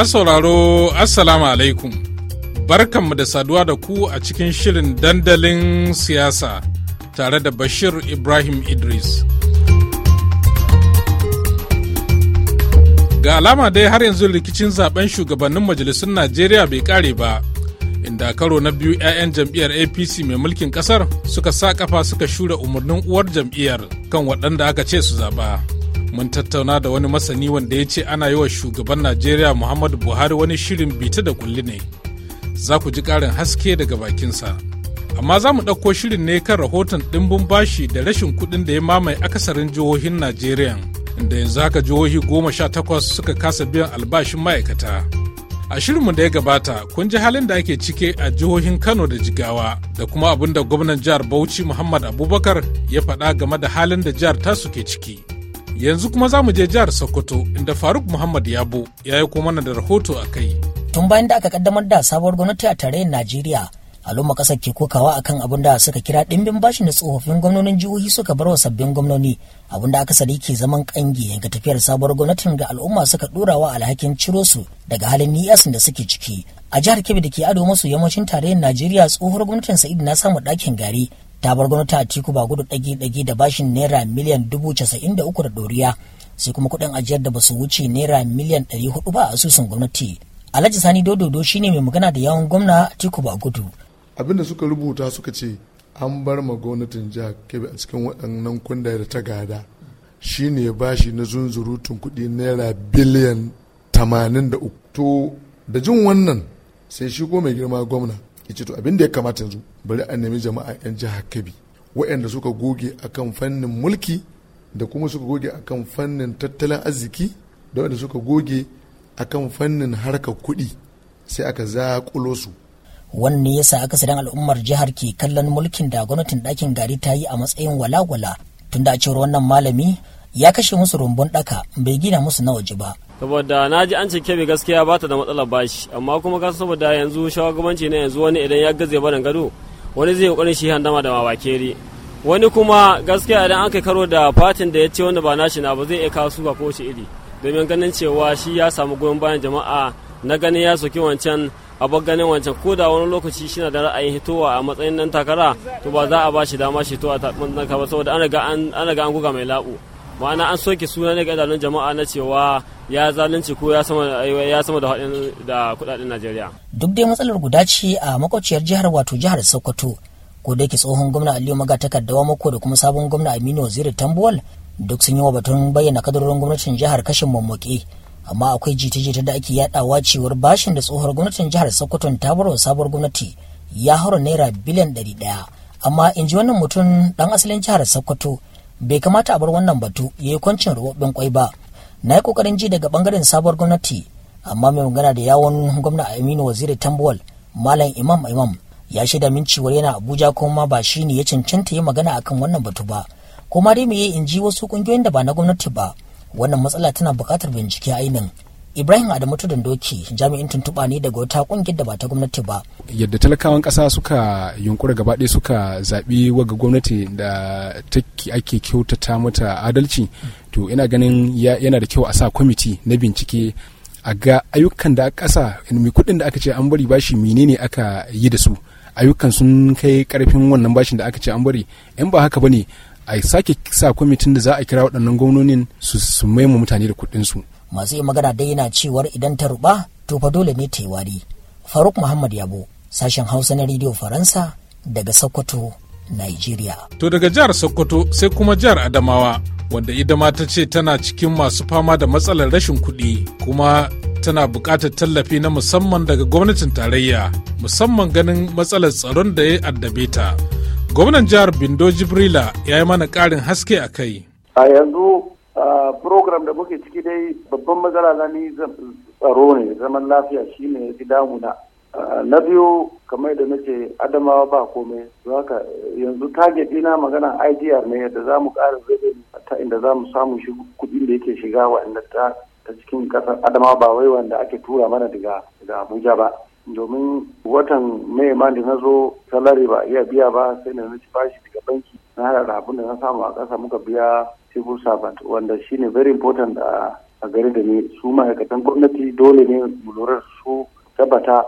Masu sauraro Assalamu alaikum. Barkanmu da saduwa da ku a cikin shirin dandalin siyasa tare da Bashir Ibrahim Idris. Ga alama dai har yanzu rikicin zaben shugabannin majalisun Najeriya bai kare ba, inda karo na biyu 'ya'yan jam'iyyar APC mai mulkin kasar suka sa kafa suka shura umarnin uwar jam'iyyar kan waɗanda aka ce su zaba. mun tattauna da wani masani wanda ya ce ana yi wa shugaban najeriya muhammadu buhari wani shirin bita da kulli ne za ku ji karin haske daga bakinsa amma za mu ɗauko shirin ne kan rahoton ɗimbin bashi da rashin kuɗin da ya mamaye akasarin jihohin najeriya inda yanzu haka jihohi goma sha takwas suka kasa biyan albashin ma'aikata a shirinmu da ya gabata kun ji halin da ake cike a jihohin kano da jigawa da kuma abin da gwamnan jihar bauchi muhammad abubakar ya faɗa game da halin da jihar tasu ke ciki yanzu kuma za mu je jihar sokoto inda faruk muhammad yabo ya yi mana da rahoto a kai tun bayan da aka kaddamar da sabuwar gwamnati a tarayyar najeriya al'umma ƙasa ke kokawa akan abin da suka kira ɗimbin bashin da tsofaffin gwamnonin jihohi suka bar wa sabbin gwamnoni abun da akasari ke zaman kange ga tafiyar sabuwar gwamnatin ga al'umma suka ɗora wa alhakin ciro su daga halin niyasin da suke ciki a jihar kebbi da ke ado masu yammacin tarayyar najeriya tsohuwar gwamnatin sa'id na samu ɗakin gari ta bar gwamnati a ciku ba gudu ɗage-ɗage da bashin naira miliyan dubu casa'in da uku da ɗoriya sai kuma kuɗin ajiyar da basu wuce naira miliyan ɗari hudu ba a asusun gwamnati alhaji sani dododo shine mai magana da yawon gwamna ciku ba gudu abin da suka rubuta suka ce an bar ma gwamnatin jihar kebe a cikin waɗannan kunda da ta gada shine bashi na zunzurutun kuɗi naira biliyan tamanin da uku to da jin wannan sai shi ko mai girma gwamna ya ce to abin da ya kamata yanzu bari a nemi jama'a 'yan jihar kabi waɗanda suka goge akan fannin mulki da kuma suka goge akan fannin tattalin arziki da waɗanda suka goge akan fannin harkar kuɗi sai aka zaƙulo su wannan ne yasa akasarin al'ummar jihar ke kallon mulkin da gwamnatin ɗakin gari ta yi a matsayin walawala tunda a cewar wannan malami ya kashe musu rumbun daka bai gina musu na waje ba saboda na ji an cike mai gaskiya ba ta da matsalar bashi amma kuma ka saboda yanzu shawagabanci na yanzu wani idan ya gaze barin gado wani zai kokarin shi handama da mawakeri wani kuma gaskiya idan aka karo da fatin da ya ce wanda ba nashi na ba zai iya kawo suka ko shi iri domin ganin cewa shi ya samu goyon bayan jama'a na ganin ya soki wancan a ganin wancan ko da wani lokaci shi na da ra'ayin hitowa a matsayin nan takara to ba za a ba shi dama shi to a taɓin ba saboda an riga an guga mai laɓu ma'ana an soke suna ne ga idanun jama'a na cewa ya zalunci ko ya sama ya sama da hadin da kudaden Najeriya duk dai matsalar guda ce a makociyar jihar wato jihar Sokoto ko da ke tsohon gwamna Aliyu Maga kaddawa mako da kuma sabon gwamna Aminu Waziri Tambuwal duk sun yi wa batun bayyana kadarorin gwamnatin jihar kashin mamoke amma akwai jita-jita da ake yadawa cewar bashin da tsohon gwamnatin jihar Sokoto ta bar wa sabuwar gwamnati ya haura naira biliyan 100 amma in ji wannan mutum dan asalin jihar Sokoto bai kamata a bar wannan batu ya yi kwancin rubobin kwai ba na yi kokarin ji daga bangaren sabuwar gwamnati amma mai magana da yawon gwamna aminu waziri tambuwal malam imam imam ya shaida min cewar yana abuja kuma ba shi ne ya cancanta yi magana akan wannan batu ba kuma dai me in ji wasu kungiyoyin da ba na gwamnati ba wannan matsala tana buƙatar bincike ainin ibrahim adamu tudun doki jami'in tuntuɓa ne daga wata kungiyar da ba ta gwamnati ba yadda talakawan ƙasa suka yunkura gaba ɗaya suka zaɓi waga gwamnati da ake kyautata mata adalci to ina ganin yana da kyau a sa kwamiti na bincike a ga ayyukan da ƙasa mai kuɗin da aka ce an bari bashi menene aka yi da su ayyukan sun kai ƙarfin wannan bashin da aka ce an bari in ba haka ba ne a sake sa kwamitin da za a kira waɗannan gwamnonin su maimu mutane da kuɗinsu masu yi magana dai yana cewar idan ta ruba to fa dole ne ta yi wari faruk muhammad yabo sashen hausa na rediyo faransa daga sokoto nigeria to daga jihar sokoto sai kuma jihar adamawa wanda ita ma ta ce tana cikin masu fama da matsalar rashin kuɗi kuma tana buƙatar tallafi na musamman daga gwamnatin tarayya musamman ganin matsalar tsaron da ya addabe ta gwamnan jihar bindo jibrila ya yi mana ƙarin haske a kai a yanzu program da muke ciki dai babban matsala na ni tsaro ne zaman lafiya shi ne ya fi damuna na biyu kamar da nace adamawa ba komai ka eh, yanzu target ina magana idr ne yadda za mu ƙara zai ta inda za mu samu shi kuɗin da yake shiga wa'anda ta cikin ƙasar adamawa ba wai wanda ake tura mana daga abuja ba domin watan mai ma da na zo salari ba iya biya ba sai na ci bashi daga banki na hada da da na samu a ƙasa muka biya civil servant wanda shine very important a garin da ni su ma'aikatan gwamnati dole ne mu lura su tabbata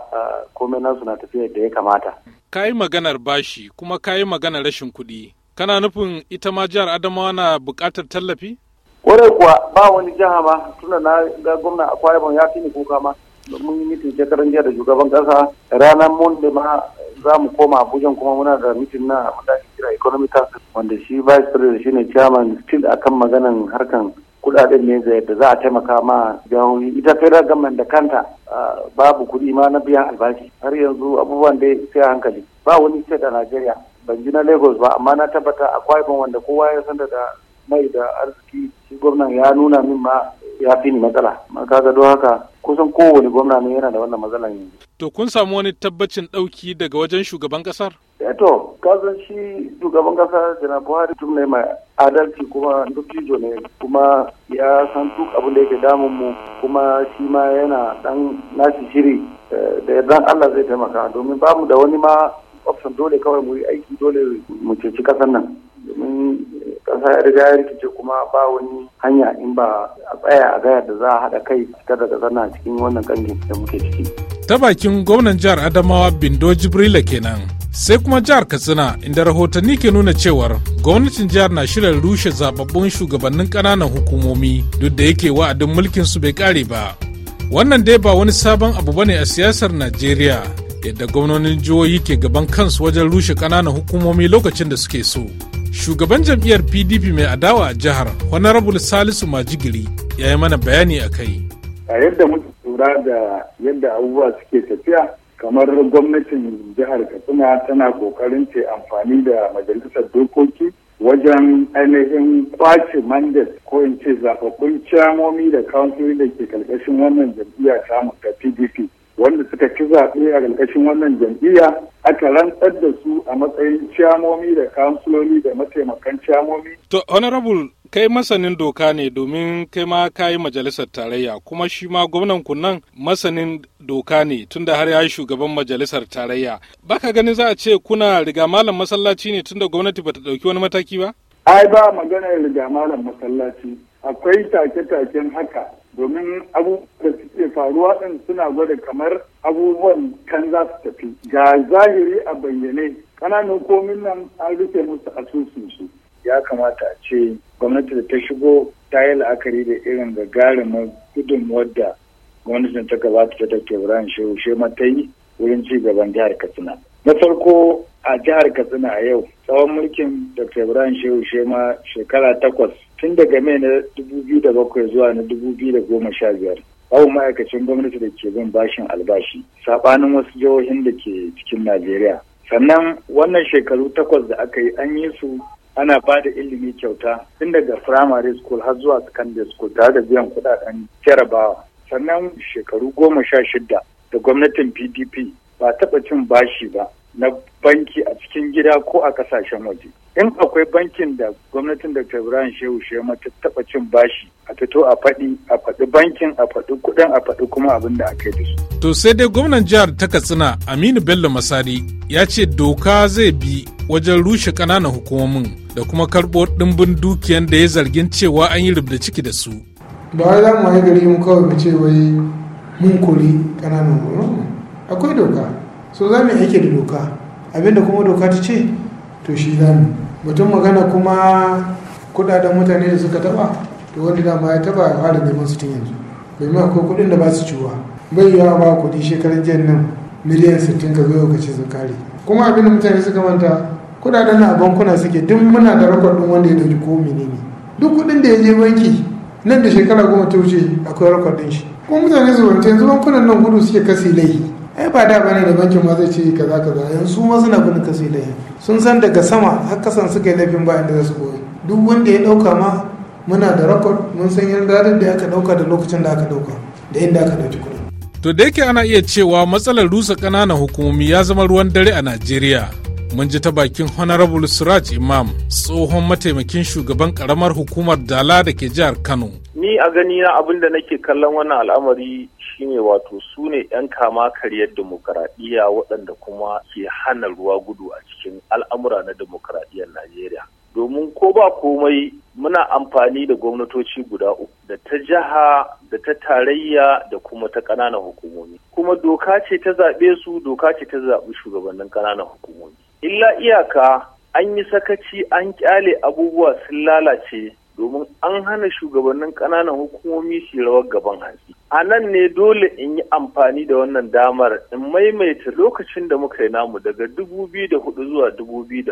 komai nasu na tafiya da ya kamata. Ka yi maganar bashi kuma ka yi maganar rashin kuɗi. Kana nufin ita ma jihar Adamawa na buƙatar tallafi? Kwarai kuwa ba wani jiha ma tunda na ga gwamna a kwaya ya fi ni kuka ma. Mun yi mitin shekaran jiya da shugaban ƙasa ranar mun da ma za mu koma Abuja kuma muna da mitin na kira economic wanda shi vice president shine chairman still akan maganan harkan kudaden ne da za a taimaka ma jihohi ita federal government da kanta babu kuɗi ma na biyan albashi har yanzu abubuwan dai sai a hankali ba wani state a Najeriya ban ji na Lagos ba amma na tabbata akwai ban wanda kowa ya san da mai da arziki shi gwamnan ya nuna min ma ya fi ni matsala kaga don haka kusan kowane gwamna ne yana da wannan matsalan yanzu to kun samu wani tabbacin ɗauki daga wajen shugaban kasar. eto eh kasan shi shugaban kasa jana buhari tun ne mai adalci kuma dukkijo ne kuma ya san duk abin da yake damun mu kuma shi ma yana dan nashi shiri eh, da yardan allah zai taimaka domin bamu da wani ma option dole kawai mu yi aiki dole mu ceci kasar nan domin ƙasa ya riga ya rikice kuma ba wani hanya in ba a tsaya a gaya da za a haɗa kai fitar da ƙasar na cikin wannan ƙangin da muke ciki. Ta bakin gwamnan jihar Adamawa Bindo Jibrila kenan. Sai kuma jihar Katsina inda rahotanni ke nuna cewar gwamnatin jihar na shirin rushe zababbun shugabannin ƙananan hukumomi duk da yake wa'adin mulkin su bai kare ba. Wannan dai ba wani sabon abu bane a siyasar Najeriya yadda gwamnonin jihohi ke gaban kansu wajen rushe ƙananan hukumomi lokacin da suke so. shugaban jam'iyyar pdp mai adawa a jihar honorable salisu majigiri ya yi mana bayani a kai a yadda muke tura da yadda abubuwa suke tafiya kamar gwamnatin jihar katsina tana kokarin ce amfani da majalisar dokoki wajen ainihin kwace mandat ko in ce da kansuri da ke karkashin wannan jam'iyya samun ta pdp wanda suka ci zaɓe a ƙarƙashin wannan jam'iyya aka rantsar da su a matsayin ciyamomi da kansuloli da mataimakan ciyamomi. To, Honorable, kai masanin doka ne domin kai ma ka yi majalisar tarayya kuma shi ma gwamnan kunnan masanin doka ne tunda har ya yi shugaban majalisar tarayya. Baka ganin za a ce kuna riga malam masallaci ne tunda gwamnati bata ɗauki wani mataki ba? Ai ba magana riga malam masallaci. Akwai take-taken haka domin abubuwan da suke faruwa ɗin suna gwada kamar abubuwan kan za su tafi ga zahiri a bayyane ƙananan komin nan an rufe musu asusun su ya kamata a ce gwamnati da ta shigo ta yi la'akari da irin gagarumin gudun da gwamnatin ta gabata ta take Ibrahim Shehu Shema ta yi wurin ci gaban jihar Katsina. Na farko a jihar katsina a yau tsawon mulkin dr ibrahim shehu shema shekara takwas tun daga mai na 2007 zuwa na sha biyar, babu ma'aikacin gwamnati da ke bin bashin albashi saɓanin wasu jihohin da ke cikin najeriya sannan wannan shekaru takwas da aka yi an yi su ana ba da ilimi kyauta tun daga primary school har zuwa secondary school tare da biyan kudaden jarabawa sannan shekaru goma sha shida da gwamnatin pdp ba taɓa cin bashi ba na banki a cikin gida ko a kasashen waje in akwai bankin da gwamnatin da ibrahim shehu shema ta taba cin bashi a fito a faɗi a faɗi bankin a faɗi kuɗin a faɗi kuma abin da aka yi su. to sai dai gwamnan jihar ta katsina aminu bello masari ya ce doka zai bi wajen rushe ƙananan hukumomin da kuma karɓo ɗimbin dukiyan da ya zargin cewa an yi rubda ciki da su. ba za mu haigari mu kawai mu ce wai mun kori ƙananan hukumomin akwai doka so za mu aiki da doka abinda kuma doka ta ce to shi za mu mutum magana kuma kudaden mutane da suka taba to wanda ma ya taba ya fara neman su tun yanzu ma akwai kudin da ba su ciwa bai yi ba kudi shekaran jiyan nan miliyan sittin ka zo ka ce sun kare kuma abinda mutane suka manta kudaden na bankuna suke duk muna da rakwar din wanda ya dauki ko menene duk kudin da ya je banki nan da shekara goma ta wuce akwai rakwar din shi kuma mutane su yanzu bankunan nan gudu suke kasi laihi ai ba da bane da bankin ma zai ce kaza kaza yanzu ma suna bin kasi da sun san daga sama har kasan suka yi laifin ba inda su goyi duk wanda ya dauka ma muna da rakon mun san yadda da aka dauka da lokacin da aka dauka da inda aka dauki kuɗi. to da yake ana iya cewa matsalar rusa ƙananan hukumomi ya zama ruwan dare a najeriya mun ji ta bakin honorable siraj imam tsohon mataimakin shugaban karamar hukumar dala da ke jihar kano ni a gani na abin da nake kallon wannan al'amari shine wato su ne 'yan kama karyar demokaradiyya waɗanda kuma ke hana ruwa gudu a cikin al'amura na demokaradiyyar Najeriya. Domin ko ba komai muna amfani da gwamnatoci guda uku da ta jiha da ta tarayya da kuma ta ƙananan hukumomi. Kuma doka ce ta zaɓe su doka ce ta zaɓi shugabannin ƙananan hukumomi. Illa iyaka an yi sakaci an ƙyale abubuwa sun lalace domin an hana shugabannin ƙananan hukumomi su rawar gaban hantsi a nan ne dole in yi amfani da wannan damar in maimaita lokacin da muka yi namu daga hudu zuwa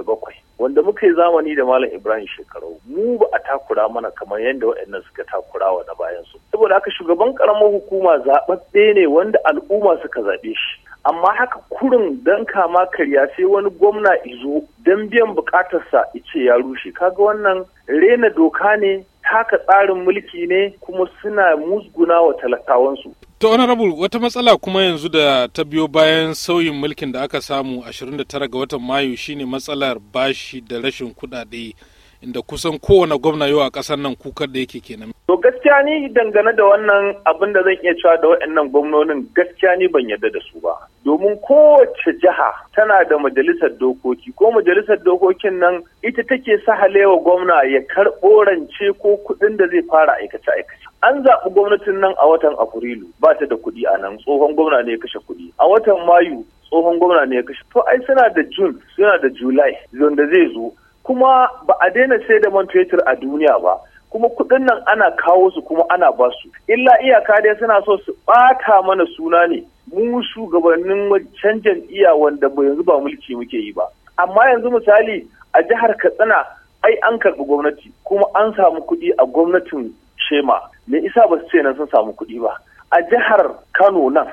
bakwai, wanda muka yi zamani da malam ibrahim shekaru mu ba a takura mana kamar yadda waɗannan suka takura wa na bayan su saboda haka shugaban karamar hukuma zaɓaɓɓe ne wanda al'umma suka zaɓe shi amma haka kurin dan kama karya sai wani gwamna izo don biyan bukatarsa ice ya rushe kaga wannan rena doka ne taka tsarin mulki ne kuma suna musguna wa talakawansu. To honorable wata matsala kuma yanzu da ta biyo bayan sauyin mulkin da aka samu 29 ga watan Mayu shine matsalar bashi da rashin kudade. inda kusan kowane gwamna yau a ƙasar nan kukar da yake kenan. To gaskiya ni dangane da wannan abin da zan iya cewa da waɗannan gwamnonin gaskiya ni ban yarda da su ba. Domin kowace jiha tana da majalisar dokoki ko majalisar dokokin nan ita take sa sahalewa gwamna ya karɓo rance ko kuɗin da zai fara aikace-aikace. An zaɓi gwamnatin nan a watan Afrilu ba ta da kuɗi a nan tsohon gwamna ne ya kashe kuɗi. A watan Mayu tsohon gwamna ne ya kashe. To ai suna da Jun suna da Julai wanda zai zo kuma ba a daina sai da man fetur a duniya ba kuma kuɗin nan ana kawo su kuma ana ba su illa iyaka dai suna so su ɓata mana suna ne mu shugabannin canjan iya wanda ba yanzu ba mulki muke yi ba amma yanzu misali a jihar katsina ai an karɓi gwamnati kuma an samu kuɗi a gwamnatin shema me isa ba su ce nan sun samu kuɗi ba a jihar kano nan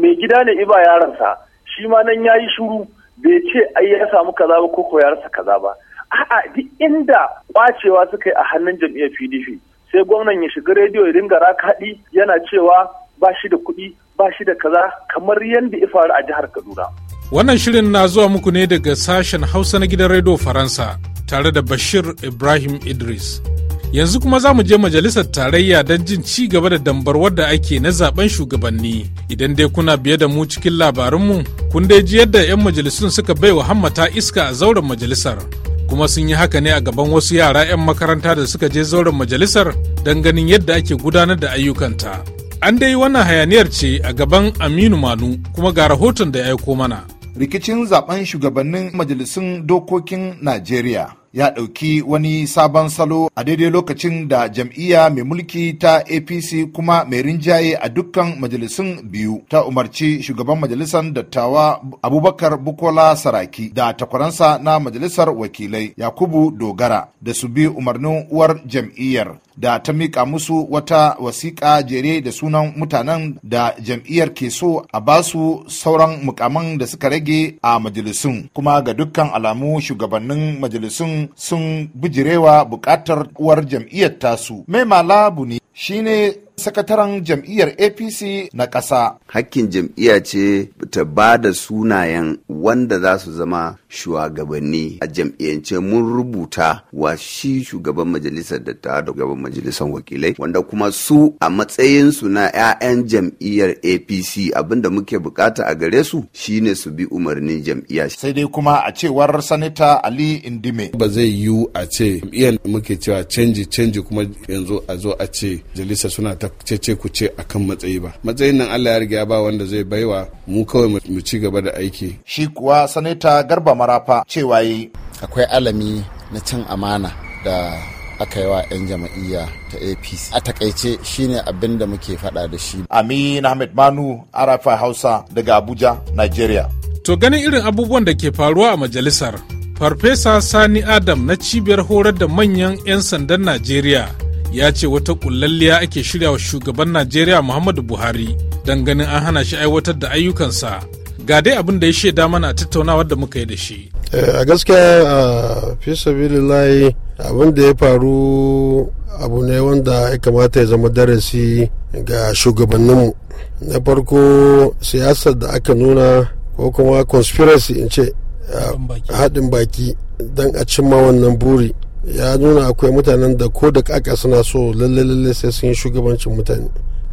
mai gida ne iba yaransa shi ma nan ya yi shuru bai ce ai ya samu kaza ba ko ko ya rasa kaza ba a'a duk inda kwacewa suka yi a hannun jam'iyyar pdp sai gwamnan ya shiga rediyo ya dinga rakaɗi yana cewa ba shi da kuɗi ba shi da kaza kamar yadda ya faru a jihar kaduna wannan shirin na zuwa muku ne daga sashen hausa na gidan rediyo faransa tare da bashir ibrahim idris yanzu kuma za mu je majalisar tarayya don jin ci gaba da dambar wadda ake na zaben shugabanni idan dai kuna biye da mu cikin labarinmu kun dai ji yadda 'yan majalisun suka baiwa hammata iska a zauren majalisar kuma sun yi haka ne a gaban wasu yara 'yan makaranta da suka je zauren majalisar don ganin yadda ake gudanar da ayyukanta an dai wannan hayaniyar ce a gaban aminu manu kuma ga rahoton da ya aiko mana rikicin zaben shugabannin majalisun dokokin najeriya ya ɗauki wani sabon salo a daidai lokacin da jam'iyya mai mulki ta apc kuma mai rinjaye a dukkan majalisun biyu ta umarci shugaban majalisar dattawa abubakar bukola saraki da takwaransa na majalisar wakilai yakubu dogara da su bi umarnin uwar jam'iyyar da ta miƙa musu wata wasiƙa jere da sunan mutanen da jam'iyyar ke so a ba su sauran mukaman da suka rage a majalisun kuma ga dukkan alamu shugabannin majalisun sun bijirewa bukatar uwar jam'iyyar tasu. Mai malabu ne shine sakataren jam'iyyar apc na ƙasa. hakkin jam'iyya ce ta ba da sunayen wanda za su zama shugabanni a jam'iyyance mun rubuta wa shi shugaban majalisar dattawa da shugaban majalisar wakilai wanda kuma su a matsayinsu na 'ya'yan jam'iyyar apc abinda muke bukata a gare su shine su bi umarnin jam'iyya sai dai kuma a cewar sanita ali indime ba zai yiwu a ce jam'iyyar muke cewa canji canji kuma yanzu a zo a ce jalisa suna ta cece ku ce akan matsayi ba matsayin nan Allah ya riga ba wanda zai baiwa mu kawai mu ci gaba da aiki shi kuwa sanata garba marafa cewa yi akwai alami na cin amana da aka yi wa 'yan jama'iyya ta apc a takaice shine abin da muke faɗa da shi amin ahmed manu arafa hausa daga abuja nigeria to ganin irin abubuwan da ke faruwa a majalisar farfesa sani adam na cibiyar horar da manyan 'yan sandan najeriya ya ce wata kullalliya ake shirya wa shugaban najeriya muhammadu buhari don ganin an hana shi aiwatar da ayyukansa ga dai abin da ya shaida mana a tattaunawar da muka yi da shi eh, a gaskiya a fi sabilillahi abin da ya faru abu ne wanda ya kamata ya zama darasi ga shugabanninmu na farko siyasar da aka nuna ko kuma conspiracy in ce haɗin baki don a cimma wannan buri ya nuna akwai mutanen da ko da kaka suna so lalle lalle sai sun yi shugabancin mutane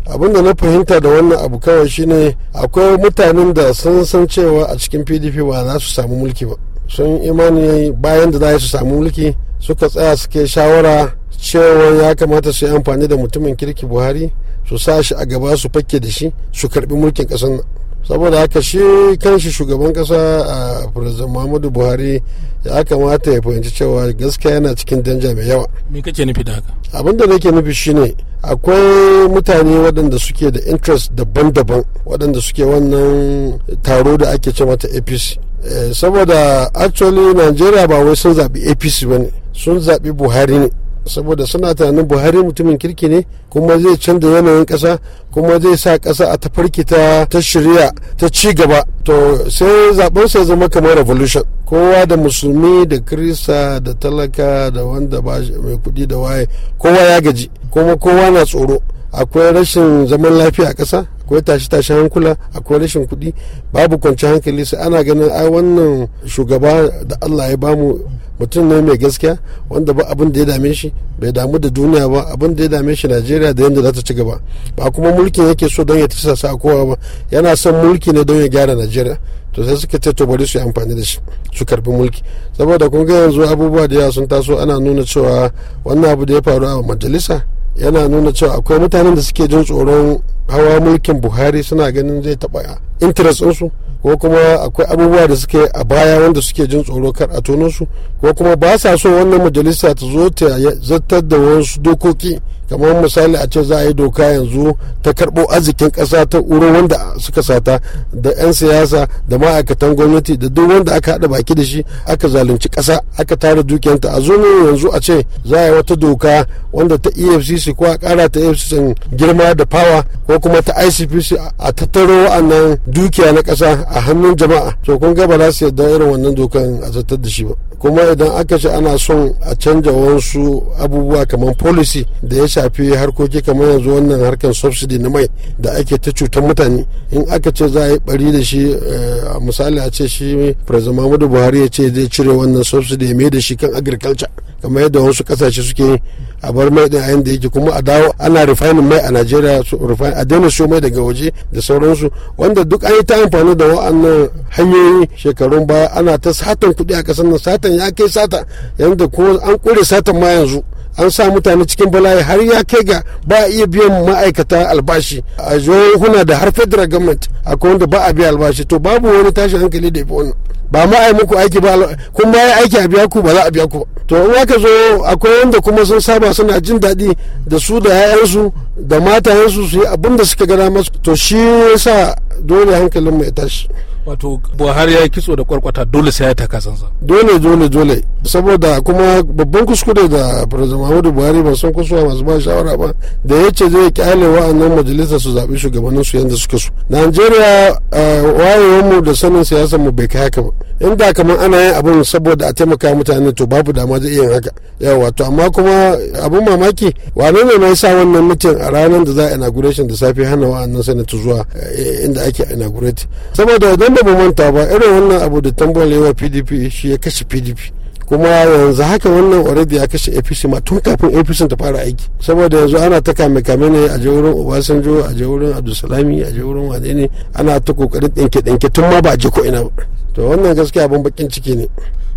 abinda na fahimta da wannan abu kawai shine akwai mutanen da sun san cewa a cikin pdp ba za su samu mulki ba sun imani bayan da za su samu mulki suka tsaya suke shawara cewa ya kamata su yi amfani da mutumin kirki buhari su sa shi a gaba su fakke da shi su karbi mulkin ƙasar nan saboda haka shi kanshi shugaban kasa a president muhammadu buhari ya kamata ya fahimci cewa gaskiya yana cikin danja mai yawa me kake nufi da haka abin da nake nufi shine akwai mutane waɗanda suke da interest daban-daban waɗanda suke wannan taro da ake ce mata apc eh, saboda actually nigeria ba wai sun zaɓi apc ba ne sun zaɓi buhari ne saboda suna tunanin buhari mutumin kirki ne kuma zai canza yanayin ƙasa kuma zai sa ƙasa a tafarki ta ta shirya ta ci gaba to sai zaben sai zama kamar revolution kowa da musulmi da krista da talaka da wanda ba mai kuɗi da waye kowa ya gaji kuma kowa na tsoro akwai rashin zaman lafiya a ƙasa akwai tashi-tashi hankula akwai rashin kuɗi babu kwanci hankali sai ana ganin ai wannan shugaba da allah ya bamu mutum ne mai gaskiya wanda ba abin da ya dame shi bai damu da duniya ba abin da ya dame shi najeriya da yadda za ta ci gaba ba kuma mulkin yake so don ya tisasa a kowa ba yana son mulki ne don ya gyara najeriya to sai suka ce to bari su yi amfani da shi su karbi mulki saboda kun ga yanzu abubuwa da yawa sun taso ana nuna cewa wannan abu da ya faru a majalisa yana nuna cewa akwai mutanen da suke jin tsoron hawa mulkin buhari suna ganin zai taɓa interest ɗinsu ko kuma akwai abubuwa da suke a baya wanda suke jin tsoro kar a tono su ko kuma ba sa so wannan majalisa ta zo ta zartar da wasu dokoki kamar misali a ce za a yi doka yanzu ta karɓo arzikin ƙasa ta uru wanda suka sata da 'yan siyasa da ma'aikatan gwamnati da duk wanda aka haɗa baki da shi aka zalunci ƙasa aka tara dukiyanta a zo yanzu a ce za a yi wata doka wanda ta efcc ko a ƙara ta efcc girma da fawa ko kuma ta icpc a tattaro wa'annan dukiya na ƙasa a hannun jama'a to kun ga ba za su yarda irin wannan dokan a zartar da shi ba. kuma idan aka ce ana son a canja wasu abubuwa kamar policy da ya shafi harkoki kamar yanzu wannan harkar subsidy na mai da ake ta cutar mutane in aka ce za a yi bari da shi a eh, misali a ce shi president muhammadu buhari ya ce zai cire wannan subsidy mai da shi kan agriculture kamar yadda wasu kasashe suke a bar mai din a yanda yake kuma a dawo ana rufanin mai a Najeriya su rufanin a daina siyo mai daga waje da sauransu wanda duk an yi ta amfani da wa'annan hanyoyi shekarun baya ana ta satan kuɗi a ƙasar nan satan ya kai sata yadda ko an kure satan ma yanzu an sa mutane cikin bala'i har ya kai ga ba a iya biyan ma'aikata albashi a huna da har federal government akwai wanda ba a biya albashi to babu wani tashin hankali da ya fi wannan ba ma aiki ba kuma ya aiki a biya ku ba za a biya ku ba to in aka zo akwai wanda kuma sun saba suna jin daɗi da su da 'ya'yansu da matayensu su yi abin da suka gana masu to shi ya sa dole hankalin mai tashi wato buhari ya kitso da kwarkwata dole sai ya taka sansa dole dole dole saboda kuma babban kuskure da president mahmudu buhari ba san kusurwa masu ba shawara ba da ya ce zai kyale wa'annan majalisa su zaɓi shugabannin su yadda suka so najeriya eh, wayewar mu da sanin siyasar mu bai kai haka ba in da kamar ana yin abin saboda a taimaka mutane to babu dama zai iya haka yawa to amma kuma abin mamaki wane ne mai sa wannan mutum a ranar da za a inauguration da safe hana wa'annan sanatu zuwa eh, inda ake inaugurate saboda idan da ba manta ba irin wannan abu da tambayar pdp shi ya kashe pdp kuma yanzu haka wannan already ya kashe apc ma tun kafin apc ta fara aiki saboda yanzu ana ta kame kame ne a jawurin obasanjo a jawurin abdulsalami a jawurin wane ne ana ta kokarin ɗinke ɗinke tun ma ba a je ko ina ba to wannan gaskiya abin bakin ciki ne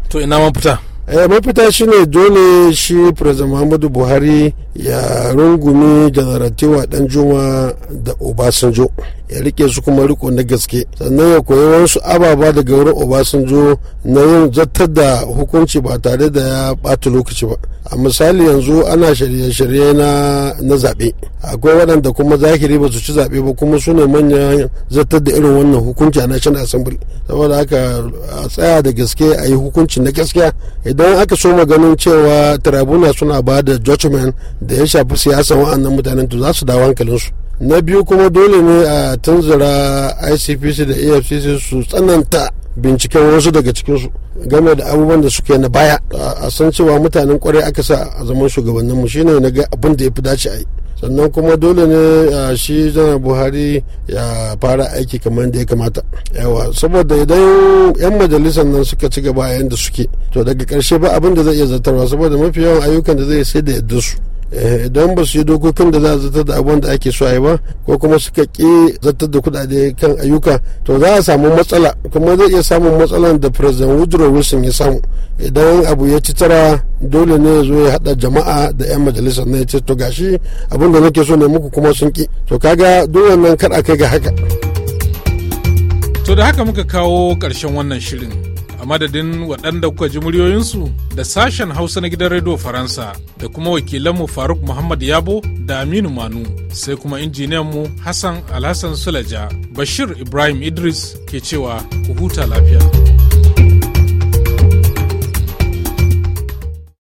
to ina man fita eh mafita shine dole shi president muhammadu buhari ya rungumi janaratiwa dan juma da obasanjo ya rike su kuma riko na gaske sannan ya koyi wasu ababa daga wurin obasanjo na yin zartar da hukunci ba tare da ya ɓata lokaci ba a misali yanzu ana shirye-shirye na zaɓe akwai waɗanda kuma zahiri ba su ci zaɓe ba kuma su ne manyan zartar da irin wannan hukunci a national assembly saboda aka tsaya da gaske a yi hukunci na gaskiya idan aka so maganin cewa tarabuna suna ba da judgment da ya shafi siyasa wa'annan mutanen to za su dawo hankalinsu na biyu kuma dole ne a tanzura icpc da efcc su tsananta binciken wasu daga cikinsu game da abubuwan da suke na baya a san cewa mutanen kwarai aka sa a zaman shugabanninmu shine na ga abin da ya fi dace a yi sannan kuma dole ne shi janar buhari ya fara aiki kamar da ya kamata yawa saboda idan yan majalisar nan suka ci gaba yadda suke to daga karshe ba abin da zai iya zartarwa saboda mafi yawan ayyukan da zai sai da yadda su idan eh, ba su yi dokokin da za a zartar da abin da ake so a yi ba ko kuma suka ƙi zartar da kuɗaɗe kan ayyuka to za a samu matsala kuma zai iya samun matsalan da president woodrow wilson ya samu idan abu ya ci tara dole ne ya zo ya haɗa jama'a da 'yan majalisar na ya ce to gashi abin da nake so ne muku kuma sun ƙi to kaga dole nan kar a kai ga haka. to da haka muka kawo ƙarshen wannan shirin a madadin waɗanda kuka ji muryoyinsu da sashen hausa na gidan rediyo faransa da kuma wakilanmu faruk muhammad yabo da aminu manu sai kuma injiniyanmu hassan alhassan sulaja bashir ibrahim idris ke cewa ku huta lafiya.